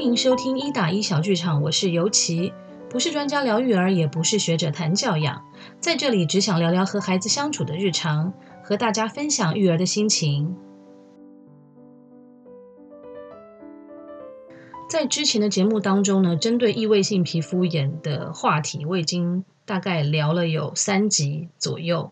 歡迎收聽一打一小劇場，我是尤琪，不是專家聊育兒，也不是學者談教養，在這裡只想聊聊和孩子相處的日常，和大家分享育兒的心情。在之前的節目當中呢，針對異位性皮膚炎的話題，我已經大概聊了有三集左右。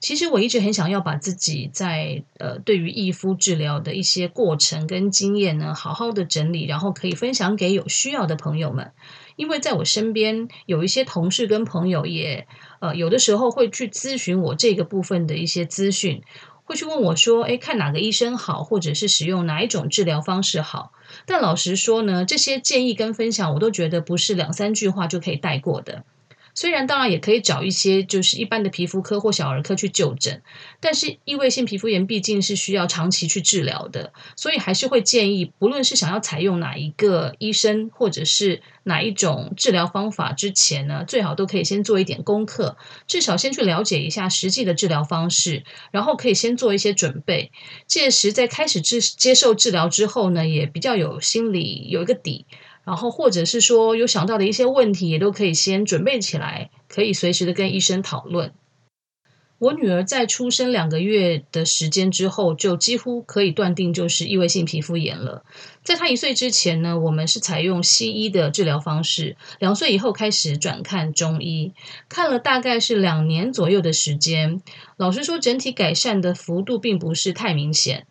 其實我一直很想要把自己在呃對於異膚治療的一些過程跟經驗呢，好好的整理，然後可以分享給有需要的朋友們。因為在我身邊有一些同事跟朋友也，也呃有的時候會去諮詢我這個部分的一些資訊，會去問我說：“哎，看哪個醫生好，或者是使用哪一種治療方式好？”但老實說呢，這些建議跟分享，我都覺得不是兩三句話就可以帶過的。雖然當然也可以找一些就是一般的皮膚科或小兒科去就診，但是異位性皮膚炎畢竟是需要長期去治療的，所以還是會建議，不論是想要採用哪一個醫生或者是哪一種治療方法之前呢，最好都可以先做一點功課，至少先去了解一下實際的治療方式，然後可以先做一些準備。屆時在開始治接受治療之後呢，也比較有心理有一個底。然後，或者是說有想到的一些問題，也都可以先準備起來，可以隨時的跟醫生討論。我女兒在出生兩個月的時間之後，就幾乎可以斷定就是異位性皮膚炎了。在她一歲之前呢，我們是採用西醫的治療方式；兩歲以後開始轉看中醫，看了大概是兩年左右的時間。老實說，整體改善的幅度並不是太明顯。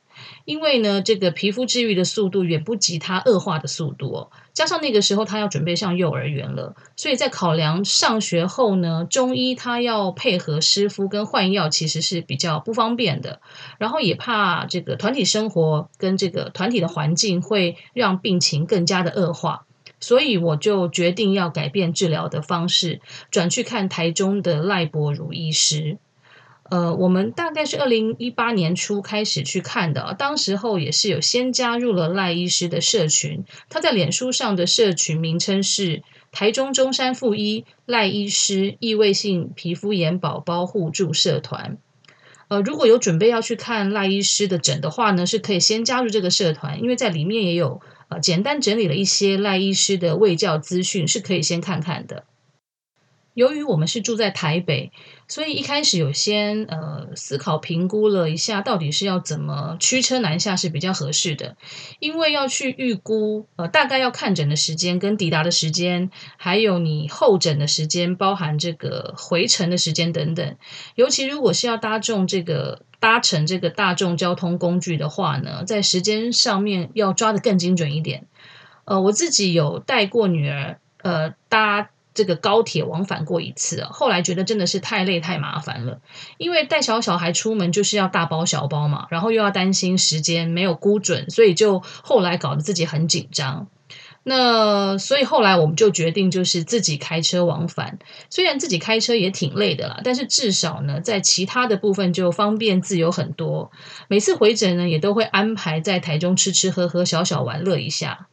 因為呢，這個皮膚治癒的速度遠不及他惡化的速度，哦，加上那個時候他要準備上幼兒園了，所以在考量上學後呢，中醫他要配合濕敷跟換藥其實是比較不方便的，然後也怕這個團體生活跟這個團體的環境會讓病情更加的惡化，所以我就決定要改變治療的方式，轉去看台中的賴柏如醫師。呃，我們大概是二零一八年初開始去看的，當時候也是有先加入了賴醫師的社群，他在臉書上的社群名稱是台中中山附一賴醫師異位性皮膚炎寶寶互助社團。呃，如果有準備要去看賴醫師的診的話呢，是可以先加入這個社團，因為在裡面也有呃簡單整理了一些賴醫師的衛教資訊，是可以先看看的。由於我們是住在台北，所以一開始有先呃思考評估了一下，到底是要怎麼驅車南下是比較合適的。因為要去預估呃大概要看診的時間跟抵達的時間，還有你候診的時間，包含這個回程的時間等等。尤其如果是要搭乘這個搭乘這個大眾交通工具的話呢，在時間上面要抓得更精準一點。呃，我自己有帶過女兒呃搭，這個高鐵往返過一次啊，後來覺得真的是太累太麻煩了，因為帶小小孩出門就是要大包小包嘛，然後又要擔心時間沒有估準，所以就後來搞得自己很緊張。那所以後來我們就決定就是自己開車往返，雖然自己開車也挺累的啦，但是至少呢，在其他的部分就方便自由很多。每次回診呢，也都會安排在台中吃吃喝喝、小小玩樂一下。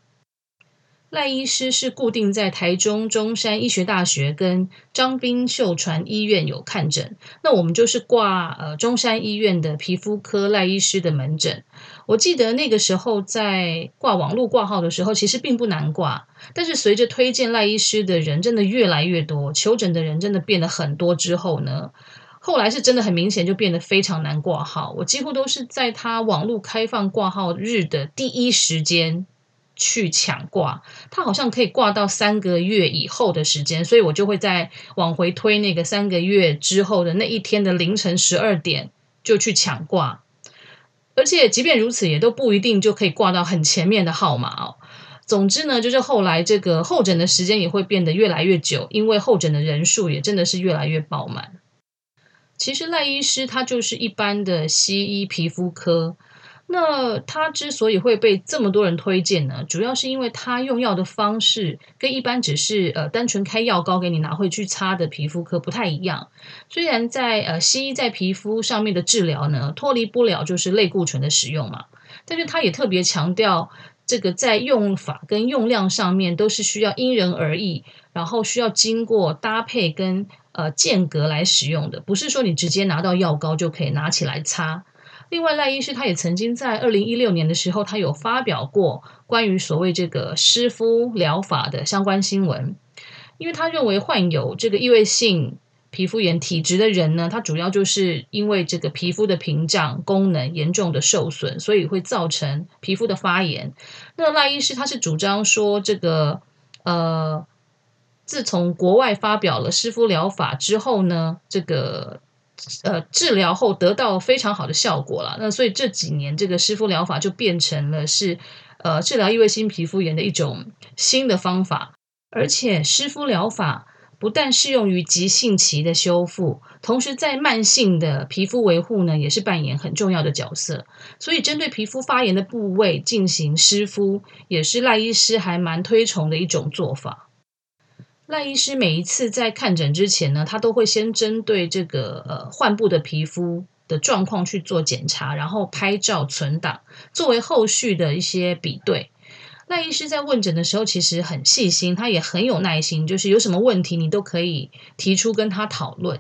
賴醫師是固定在台中中山醫學大學跟彰濱秀傳醫院有看診，那我們就是掛呃中山醫院的皮膚科賴醫師的門診。我記得那個時候在掛網絡掛號的時候，其實並不難掛，但是隨着推薦賴醫師的人真的越來越多，求診的人真的變得很多之後呢，後來是真的很明顯就變得非常難掛號。我幾乎都是在他網絡開放掛號日的第一時間。去搶掛，他好像可以掛到三個月以後的時間，所以我就會再往回推那個三個月之後的那一天的凌晨十二點就去搶掛。而且即便如此，也都不一定就可以掛到很前面的號碼哦。總之呢，就是後來這個候診的時間也會變得越來越久，因為候診的人數也真的是越來越爆滿。其實賴醫師他就是一般的西醫皮膚科。那他之所以會被這麼多人推薦呢，主要是因為他用藥的方式跟一般只是呃單純開藥膏給你拿回去擦的皮膚科不太一樣。雖然在呃西醫在皮膚上面的治療呢，脫離不了就是類固醇的使用嘛，但是他也特別強調，這個在用法跟用量上面都是需要因人而異，然後需要經過搭配跟呃間隔來使用的，不是說你直接拿到藥膏就可以拿起來擦。另外，賴醫師他也曾經在二零一六年的時候，他有發表過關於所謂這個濕敷療法的相關新聞，因為他認為患有這個異位性皮膚炎體質的人呢，他主要就是因為這個皮膚的屏障功能嚴重的受損，所以會造成皮膚的發炎。那賴醫師他是主張說，這個呃，自從國外發表了濕敷療法之後呢，這個。呃，治療後得到非常好的效果了。那所以這幾年，這個濕敷療法就變成了是呃治療異位性皮膚炎的一種新的方法。而且濕敷療法不但適用於急性期的修復，同時在慢性的皮膚維護呢，也是扮演很重要的角色。所以針對皮膚發炎的部位進行濕敷，也是賴醫師還蠻推崇的一種做法。賴醫師每一次在看診之前呢，他都會先針對這個呃患部的皮膚的狀況去做檢查，然後拍照存檔，作為後續的一些比對。賴醫師在問診的時候其實很細心，他也很有耐心，就是有什麼問題你都可以提出跟他討論。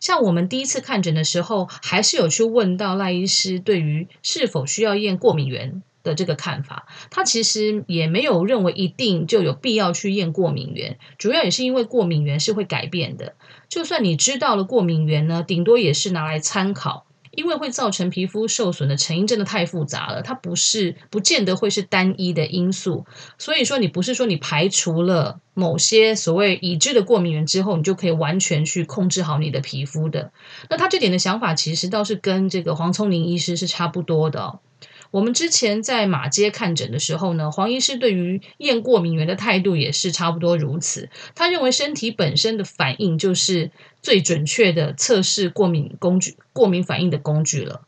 像我們第一次看診的時候，還是有去問到賴醫師對於是否需要驗過敏原的這個看法，他其實也沒有認為一定就有必要去驗過敏原。主要也是因為過敏原是會改變的。就算你知道了過敏原呢，頂多也是拿來參考，因為會造成皮膚受損的成因真的太複雜了，它不是不見得會是單一的因素。所以說，你不是說你排除了某些所謂已知的過敏原之後，你就可以完全去控制好你的皮膚的。那他這點的想法其實倒是跟這個黃聰明醫師是差不多的，哦。我們之前在馬街看診的時候呢，黃醫師對於驗過敏原的態度也是差不多如此。他認為身體本身的反應就是最準確的測試過敏工具、過敏反應的工具了。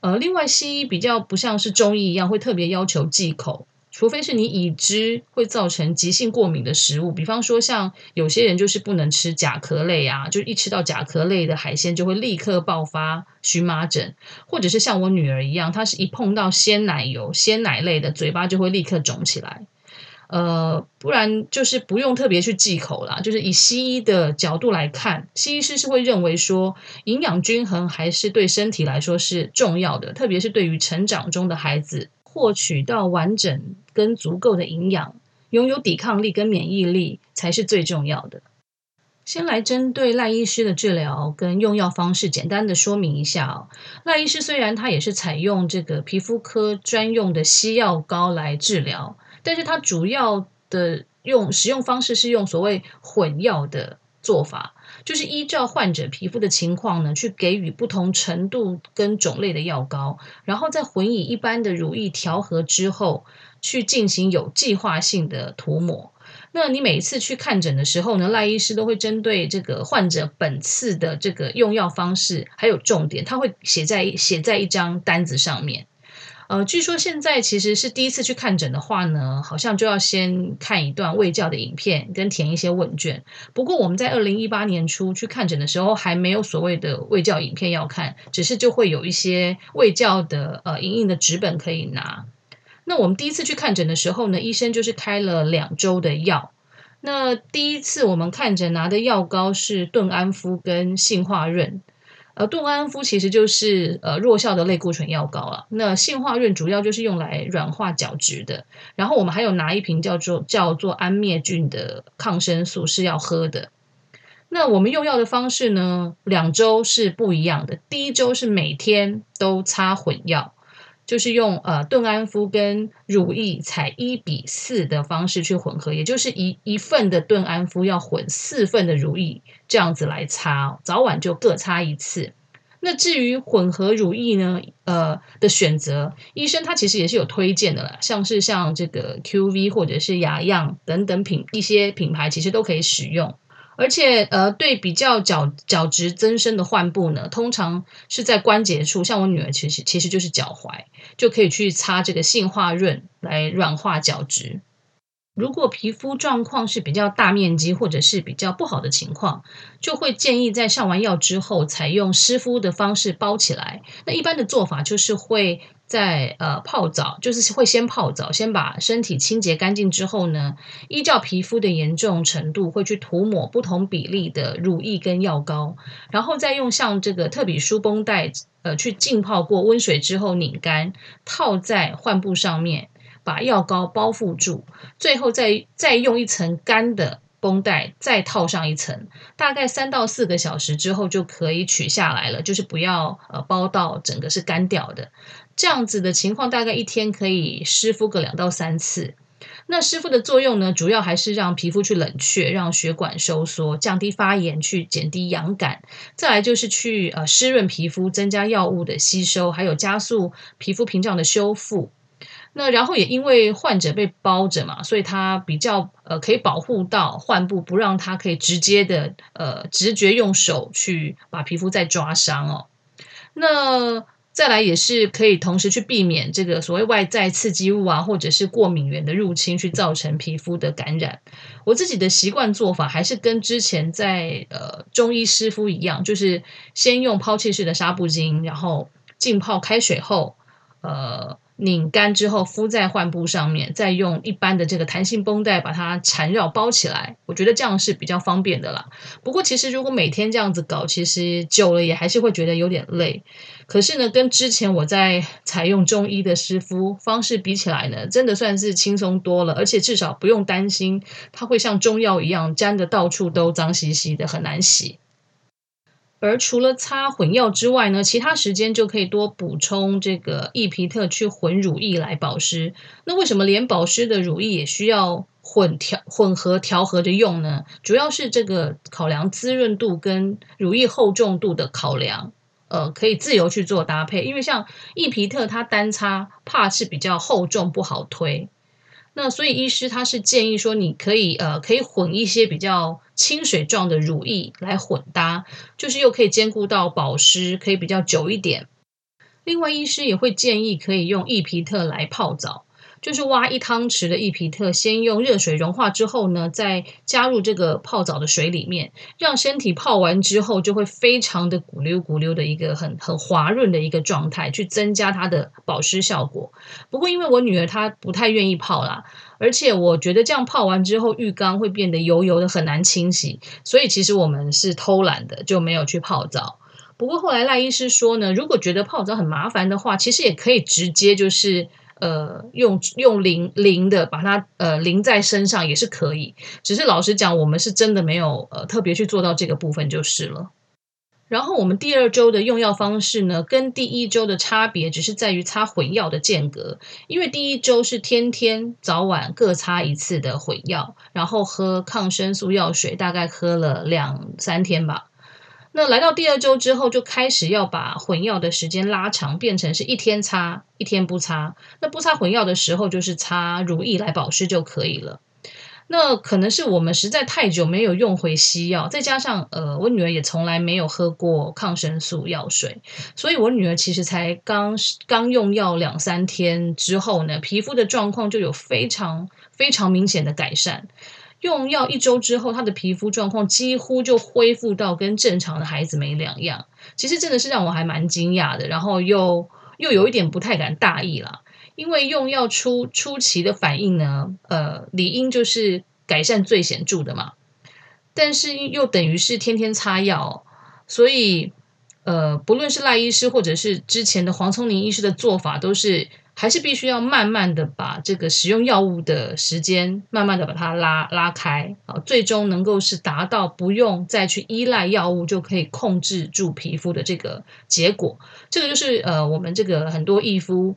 呃，另外西醫比較不像是中醫一樣會特別要求忌口。除非是你已知會造成急性過敏的食物，比方說像有些人就是不能吃甲殼類啊，就一吃到甲殼類的海鮮就會立刻爆發蕁麻疹，或者是像我女兒一樣，她是一碰到鮮奶油、鮮奶類的嘴巴就會立刻腫起來。呃，不然就是不用特別去忌口啦。就是以西醫的角度來看，西醫師是會認為說營養均衡還是對身體來說是重要的，特別是對於成長中的孩子。獲取到完整跟足夠的營養，擁有抵抗力跟免疫力才是最重要的。先來針對賴醫師的治療跟用藥方式簡單的說明一下哦，賴醫師雖然他也是採用這個皮膚科專用的西藥膏來治療，但是他主要的用，使用方式是用所謂混藥的。做法就是依照患者皮膚的情況呢，去給予不同程度跟種類的藥膏，然後再混以一般的乳液調和之後，去進行有計劃性的塗抹。那你每一次去看診的時候呢，賴醫師都會針對這個患者本次的這個用藥方式還有重點，他會寫在寫在一張單子上面。呃，據說現在其實是第一次去看診的話呢，好像就要先看一段衛教的影片，跟填一些問卷。不過我們在二零一八年初去看診的時候，還沒有所謂的衛教影片要看，只是就會有一些衛教的呃影印的紙本可以拿。那我們第一次去看診的時候呢，醫生就是開了兩週的藥。那第一次我們看診拿的藥膏是頓安夫跟性化潤。而杜安膚其實就是呃弱效的類固醇藥膏了，啊。那性化潤主要就是用來軟化角質的。然後我們還有拿一瓶叫做叫做安滅菌的抗生素，是要喝的。那我們用藥的方式呢，兩周是不一樣的。第一周是每天都擦混藥。就是用呃盾安膚跟乳液採一比四的方式去混合，也就是一一份的頓安膚要混四份的乳液，這樣子來擦，早晚就各擦一次。那至於混合乳液呢，呃的選擇，醫生他其實也是有推薦的啦，像是像這個 QV 或者是雅漾等等品一些品牌，其實都可以使用。而且，呃，對比較角角質增生的患部呢，通常是在關節處，像我女兒其實其實就是腳踝，就可以去擦這個性化潤來軟化角質。如果皮膚狀況是比較大面積或者是比較不好的情況，就會建議在上完藥之後採用濕敷的方式包起來。那一般的做法就是會。在呃泡澡，就是會先泡澡，先把身體清潔乾淨之後呢，依照皮膚的嚴重程度，會去塗抹不同比例的乳液跟藥膏，然後再用像這個特比舒繃帶，呃，去浸泡過溫水之後擰乾，套在患部上面，把藥膏包覆住，最後再再用一層乾的。繃帶再套上一層，大概三到四個小時之後就可以取下來了，就是不要呃包到整個是乾掉的。這樣子的情況大概一天可以濕敷個兩到三次。那濕敷的作用呢，主要還是讓皮膚去冷卻，讓血管收縮，降低發炎，去減低癢感。再來就是去呃濕潤皮膚，增加藥物的吸收，還有加速皮膚屏障的修復。那然後也因為患者被包着嘛，所以他比較呃可以保護到患部，不讓他可以直接的呃直覺用手去把皮膚再抓傷哦。那再來也是可以同時去避免這個所謂外在刺激物啊，或者是過敏原的入侵，去造成皮膚的感染。我自己的習慣做法還是跟之前在呃中醫濕敷一樣，就是先用拋棄式的紗布巾，然後浸泡開水後。呃，擰乾之後敷在患部上面，再用一般的這個彈性繃帶把它纏繞包起來。我覺得這樣是比較方便的啦。不過，其實如果每天這樣子搞，其實久了也還是會覺得有點累。可是呢，跟之前我在採用中醫的濕敷方式比起來呢，真的算是輕鬆多了，而且至少不用擔心它會像中藥一樣粘得到處都髒兮兮的，很難洗。而除了擦混藥之外呢，其他時間就可以多補充這個易皮特去混乳液來保濕。那為什麼連保濕的乳液也需要混調混合調和着用呢？主要是這個考量滋潤度跟乳液厚重度的考量，呃，可以自由去做搭配。因為像易皮特它單擦怕是比較厚重，不好推。那所以，醫師他是建議說，你可以呃，可以混一些比較清水狀的乳液來混搭，就是又可以兼顧到保濕，可以比較久一點。另外，醫師也會建議可以用易皮特來泡澡。就是挖一湯匙的一皮特，先用熱水融化之後呢，再加入這個泡澡的水裡面，讓身體泡完之後就會非常的咕溜咕溜的一個很很滑潤的一個狀態，去增加它的保濕效果。不過因為我女兒她不太願意泡啦，而且我覺得這樣泡完之後浴缸會變得油油的，很難清洗，所以其實我們是偷懶的，就沒有去泡澡。不過後來賴醫師說呢，如果覺得泡澡很麻煩的話，其實也可以直接就是。呃，用用淋淋的把它呃淋在身上也是可以，只是老實講，我們是真的沒有呃特別去做到這個部分就是了。然後我們第二周的用藥方式呢，跟第一周的差別只是在於擦混藥的間隔，因為第一周是天天早晚各擦一次的混藥，然後喝抗生素藥水，大概喝了兩三天吧。那來到第二周之後，就開始要把混藥的時間拉長，變成是一天擦一天不擦。那不擦混藥的時候，就是擦乳液來保濕就可以了。那可能是我們實在太久沒有用回西藥，再加上呃，我女兒也從來沒有喝過抗生素藥水，所以我女兒其實才剛剛用藥兩三天之後呢，皮膚的狀況就有非常非常明顯的改善。用藥一周之後，他的皮膚狀況幾乎就恢復到跟正常的孩子沒兩樣。其實真的是讓我還蠻驚訝的，然後又又有一點不太敢大意了，因為用藥初初期的反應呢，呃，理應就是改善最顯著的嘛。但是又等於是天天擦藥，所以呃，不論是賴醫師或者是之前的黃聰明醫師的做法，都是。還是必須要慢慢的把這個使用藥物的時間慢慢的把它拉拉開，啊，最終能夠是達到不用再去依賴藥物就可以控制住皮膚的這個結果。這個就是呃，我們這個很多異膚。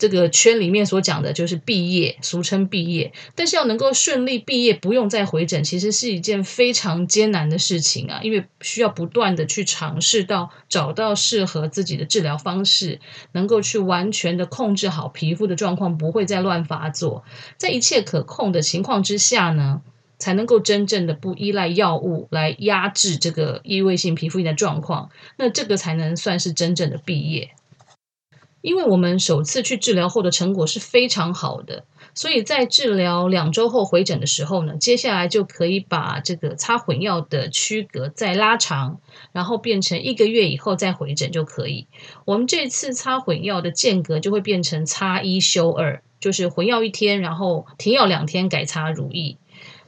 這個圈裡面所講的就是畢業，俗稱畢業。但是要能夠順利畢業，不用再回診，其實是一件非常艱難的事情啊！因為需要不斷的去嘗試到找到適合自己的治療方式，能夠去完全的控制好皮膚的狀況，不會再亂發作。在一切可控的情況之下呢，才能夠真正的不依賴藥物來壓制這個異位性皮膚炎的狀況，那這個才能算是真正的畢業。因為我們首次去治療後的成果是非常好的，所以在治療兩周後回診的時候呢，接下來就可以把這個擦混藥的區隔再拉長，然後變成一個月以後再回診就可以。我們這次擦混藥的間隔就會變成擦一休二，就是混藥一天，然後停藥兩天改擦如意，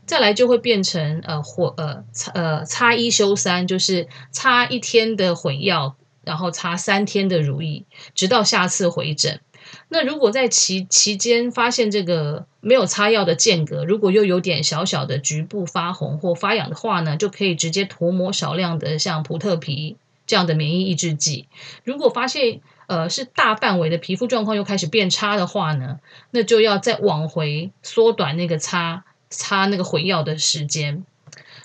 再來就會變成呃混呃擦呃擦一休三，就是擦一天的混藥。然後擦三天的乳液，直到下次回診。那如果在期期間發現這個沒有擦藥的間隔，如果又有點小小的局部發紅或發癢的話呢，就可以直接塗抹少量的像普特皮這樣的免疫抑制劑。如果發現呃是大範圍的皮膚狀況又開始變差的話呢，那就要再往回縮短那個擦擦那個回藥的時間。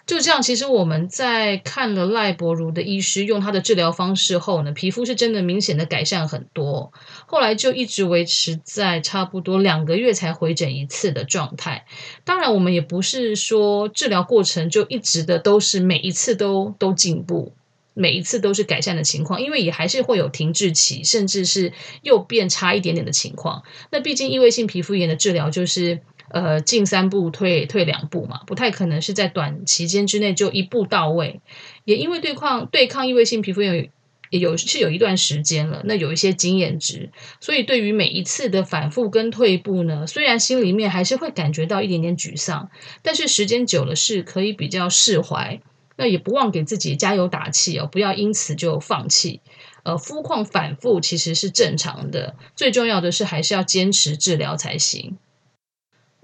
就這樣，其實我們在看了賴柏如的醫師用他的治療方式後呢，皮膚是真的明顯的改善很多。後來就一直維持在差不多兩個月才回診一次的狀態。當然，我們也不是說治療過程就一直的都是每一次都都進步，每一次都是改善的情況，因為也還是會有停滯期，甚至是又變差一點點的情況。那畢竟異位性皮膚炎的治療就是。呃，進三步退退兩步嘛，不太可能是在短期間之內就一步到位。也因為對抗對抗異位性皮膚炎有也有是有一段時間了，那有一些經驗值，所以對於每一次的反覆跟退步呢，雖然心裡面還是會感覺到一點點沮喪，但是時間久了是可以比較釋懷。那也不忘給自己加油打氣哦，不要因此就放棄。呃，膚況反覆其實是正常的，最重要的是還是要堅持治療才行。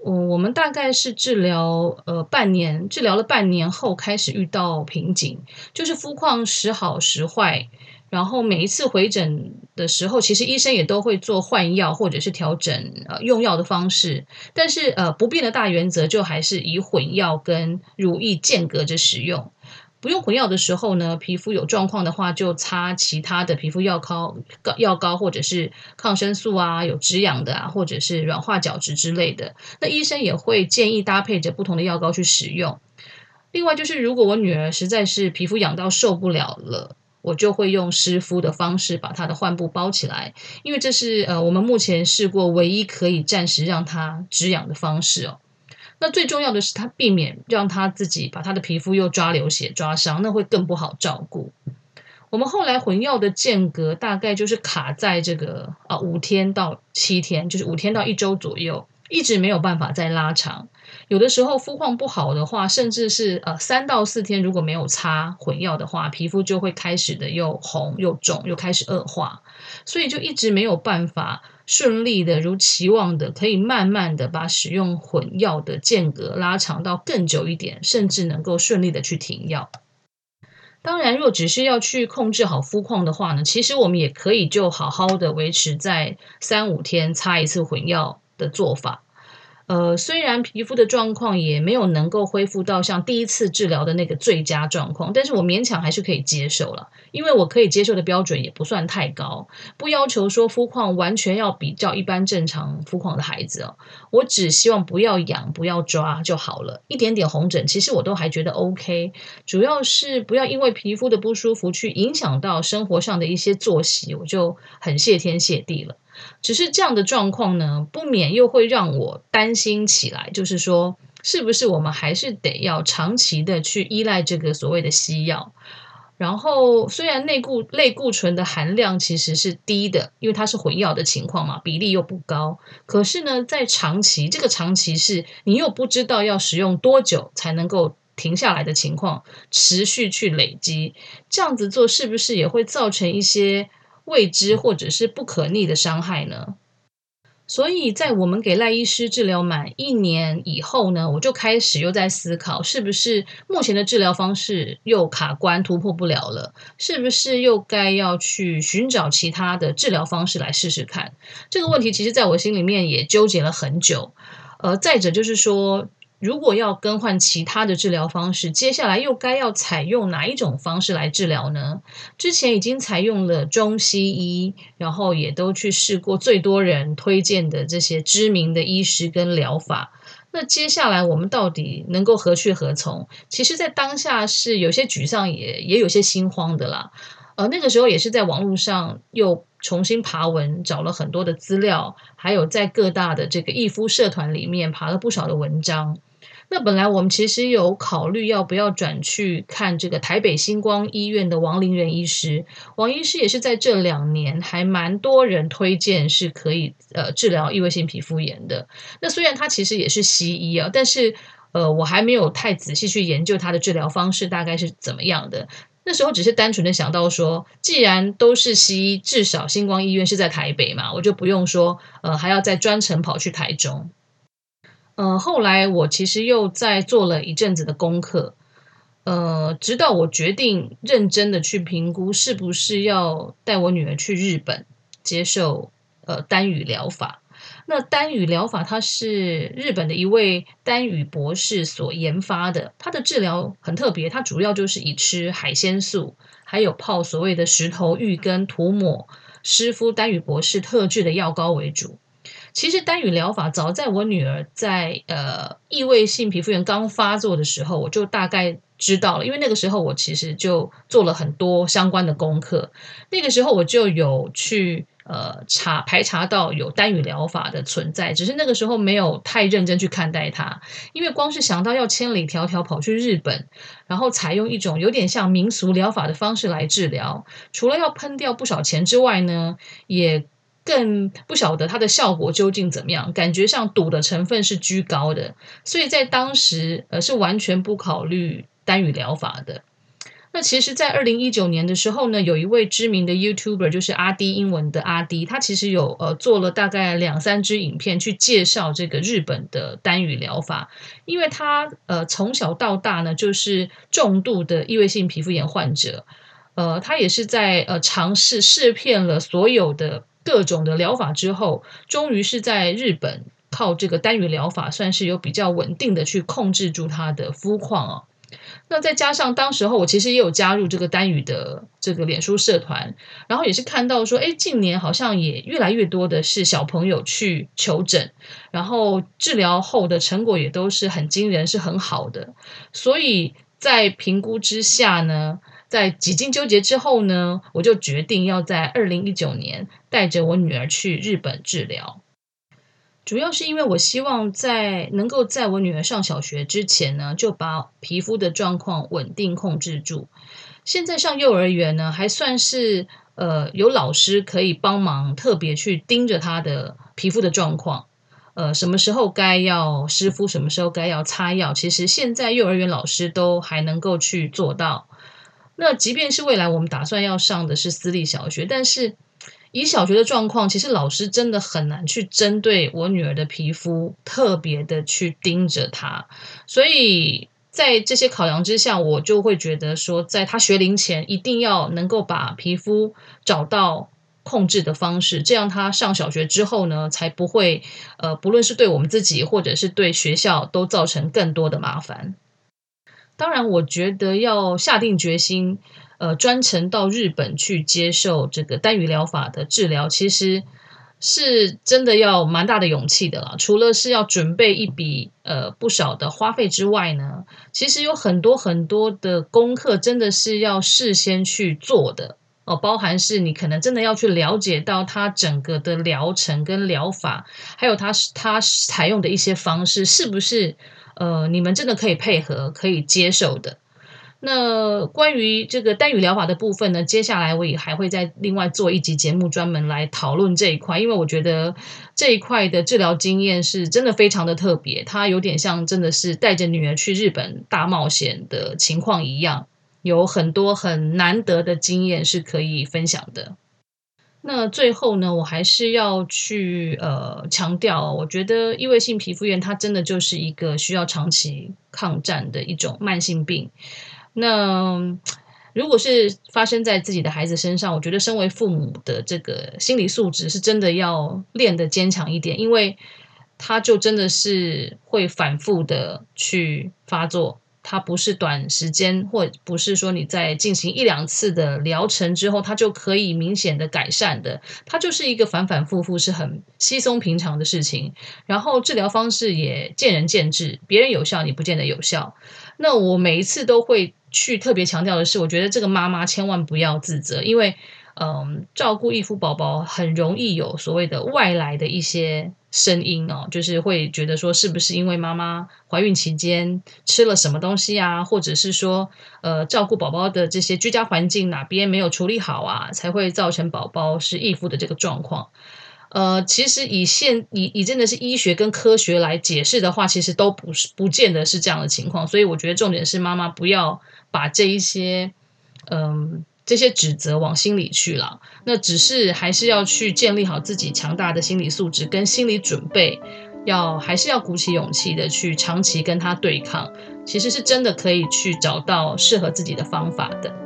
我我們大概是治療呃半年，治療了半年後開始遇到瓶頸，就是膚況時好時壞，然後每一次回診的時候，其實醫生也都會做換藥或者是調整呃用藥的方式，但是呃不變的大原則就還是以混藥跟乳液間隔着使用。不用混藥的時候呢，皮膚有狀況的話，就擦其他的皮膚藥膏、藥膏或者是抗生素啊，有止癢的啊，或者是軟化角質之類的。那醫生也會建議搭配着不同的藥膏去使用。另外，就是如果我女兒實在是皮膚癢到受不了了，我就會用濕敷的方式把她的患部包起來，因為這是呃我們目前試過唯一可以暫時讓她止癢的方式哦。那最重要的是，他避免讓他自己把他的皮膚又抓流血、抓傷，那會更不好照顧。我們後來混藥的間隔大概就是卡在這個啊五天到七天，就是五天到一周左右，一直沒有辦法再拉長。有的時候膚況不好的話，甚至是呃三到四天如果沒有擦混藥的話，皮膚就會開始的又紅又腫，又開始惡化，所以就一直沒有辦法順利的如期望的，可以慢慢的把使用混藥的間隔拉長到更久一點，甚至能夠順利的去停藥。當然，若只是要去控制好膚況的話呢，其實我們也可以就好好的維持在三五天擦一次混藥的做法。呃，雖然皮膚的狀況也沒有能夠恢復到像第一次治療的那個最佳狀況，但是我勉強還是可以接受了，因為我可以接受的標準也不算太高，不要求說膚況完全要比較一般正常膚況的孩子哦，我只希望不要癢、不要抓就好了，一點點紅疹，其實我都還覺得 OK，主要是不要因為皮膚的不舒服去影響到生活上的一些作息，我就很謝天謝地了。只是這樣的狀況呢，不免又會讓我擔心起來。就是說，是不是我們還是得要長期的去依賴這個所謂的西藥？然後，雖然類固類固醇的含量其實是低的，因為它是混藥的情況嘛，比例又不高。可是呢，在長期，這個長期是你又不知道要使用多久才能夠停下來的情況，持續去累積，這樣子做是不是也會造成一些？未知或者是不可逆的傷害呢？所以在我們給賴醫師治療滿一年以後呢，我就開始又在思考，是不是目前的治療方式又卡關、突破不了了？是不是又該要去尋找其他的治療方式來試試看。這個問題其實在我心裡面也糾結了很久。呃，再者就是說，如果要更換其他的治療方式，接下來又該要採用哪一種方式來治療呢？之前已經採用了中西醫，然後也都去試過最多人推薦的這些知名的醫師跟療法。那接下來我們到底能夠何去何從？其實，在當下是有些沮喪也，也也有些心慌的啦。呃，那個時候也是在網絡上又重新爬文，找了很多的資料，還有在各大的這個異膚社團裡面爬了不少的文章。那本來我們其實有考慮要不要轉去看這個台北星光醫院的王林仁醫師。王醫師也是在這兩年還蠻多人推薦是可以呃治療異位性皮膚炎的。那雖然他其實也是西醫啊，但是呃我還沒有太仔細去研究他的治療方式大概是怎麼樣的。那時候只是單純的想到說，既然都是西醫，至少星光醫院是在台北嘛，我就不用說呃還要再專程跑去台中。呃，後來我其實又在做了一陣子的功課，呃，直到我決定認真的去評估是不是要帶我女兒去日本接受呃丹羽療法。那丹羽療法它是日本的一位丹羽博士所研發的，它的治療很特別，它主要就是以吃海鮮素，還有泡所謂的石頭浴跟塗抹濕敷丹羽博士特制的藥膏為主。其實丹羽療法早在我女兒在呃異位性皮膚炎剛發作的時候，我就大概知道了，因為那個時候我其實就做了很多相關的功課。那個時候我就有去呃查排查到有丹羽療法的存在，只是那個時候沒有太認真去看待它，因為光是想到要千里迢迢跑去日本，然後採用一種有點像民俗療法的方式來治療，除了要噴掉不少錢之外呢，也。更不曉得它的效果究竟怎麼樣，感覺上賭的成分是居高的，所以在當時呃是完全不考慮丹羽療法的。那其實，在二零一九年的時候呢，有一位知名的 YouTuber 就是阿滴英文的阿滴，他其實有呃做了大概兩三支影片去介紹這個日本的丹羽療法，因為他呃從小到大呢就是重度的異位性皮膚炎患者，呃，他也是在呃嘗試試遍了所有的。各種的療法之後，終於是在日本靠這個丹羽療法，算是有比較穩定的去控制住他的膚況啊、哦。那再加上當時候，我其實也有加入這個丹羽的這個臉書社團，然後也是看到說，哎，近年好像也越來越多的是小朋友去求診，然後治療後的成果也都是很驚人，是很好的。所以在評估之下呢。在幾經糾結之後呢，我就決定要在二零一九年帶着我女兒去日本治療。主要是因為我希望在能夠在我女兒上小學之前呢，就把皮膚的狀況穩定控制住。現在上幼兒園呢，還算是呃有老師可以幫忙特別去盯着她的皮膚的狀況。呃，什麼時候該要濕敷，什麼時候該要擦藥，其實現在幼兒園老師都還能夠去做到。那即便是未來我們打算要上的是私立小學，但是以小學的狀況，其實老師真的很難去針對我女兒的皮膚特別的去盯着她。所以在這些考量之下，我就會覺得說，在她學齡前一定要能夠把皮膚找到控制的方式，這樣她上小學之後呢，才不會呃，不論是對我們自己或者是對學校都造成更多的麻煩。當然，我覺得要下定決心，呃，專程到日本去接受這個單語療法的治療，其實是真的要蠻大的勇氣的啦，除了是要準備一筆呃不少的花費之外呢，其實有很多很多的功課，真的是要事先去做的哦，呃，包含是你可能真的要去了解到它整個的療程跟療法，還有它是它採用的一些方式是不是？呃，你們真的可以配合，可以接受的。那關於這個單語療法的部分呢？接下來我也還會再另外做一集節目，專門來討論這一塊。因為我覺得這一塊的治療經驗是真的非常的特別，它有點像真的是帶着女兒去日本大冒險的情況一樣，有很多很難得的經驗是可以分享的。那最後呢，我還是要去呃強調，我覺得異位性皮膚炎它真的就是一個需要長期抗戰的一種慢性病。那如果是發生在自己的孩子身上，我覺得身為父母的這個心理素質是真的要練得堅強一點，因為它就真的是會反覆的去發作。它不是短時間，或不是說你在進行一兩次的療程之後，它就可以明顯的改善的。它就是一個反反复复，是很稀鬆平常的事情。然後治療方式也見仁見智，別人有效，你不見得有效。那我每一次都會去特別強調的是，我覺得這個媽媽千萬不要自責，因為。嗯，照顧異膚寶寶很容易有所謂的外來的一些聲音哦，就是會覺得說，是不是因為媽媽懷孕期間吃了什麼東西啊，或者是說，呃，照顧寶寶的這些居家環境哪邊沒有處理好啊，才會造成寶寶是異膚的這個狀況？呃，其實以現以以真的是醫學跟科學來解釋的話，其實都不是不見得是這樣的情況，所以我覺得重點是媽媽不要把這一些嗯。這些指責往心裡去了，那只是還是要去建立好自己強大的心理素質跟心理準備，要還是要鼓起勇氣的去長期跟他對抗，其實是真的可以去找到適合自己的方法的。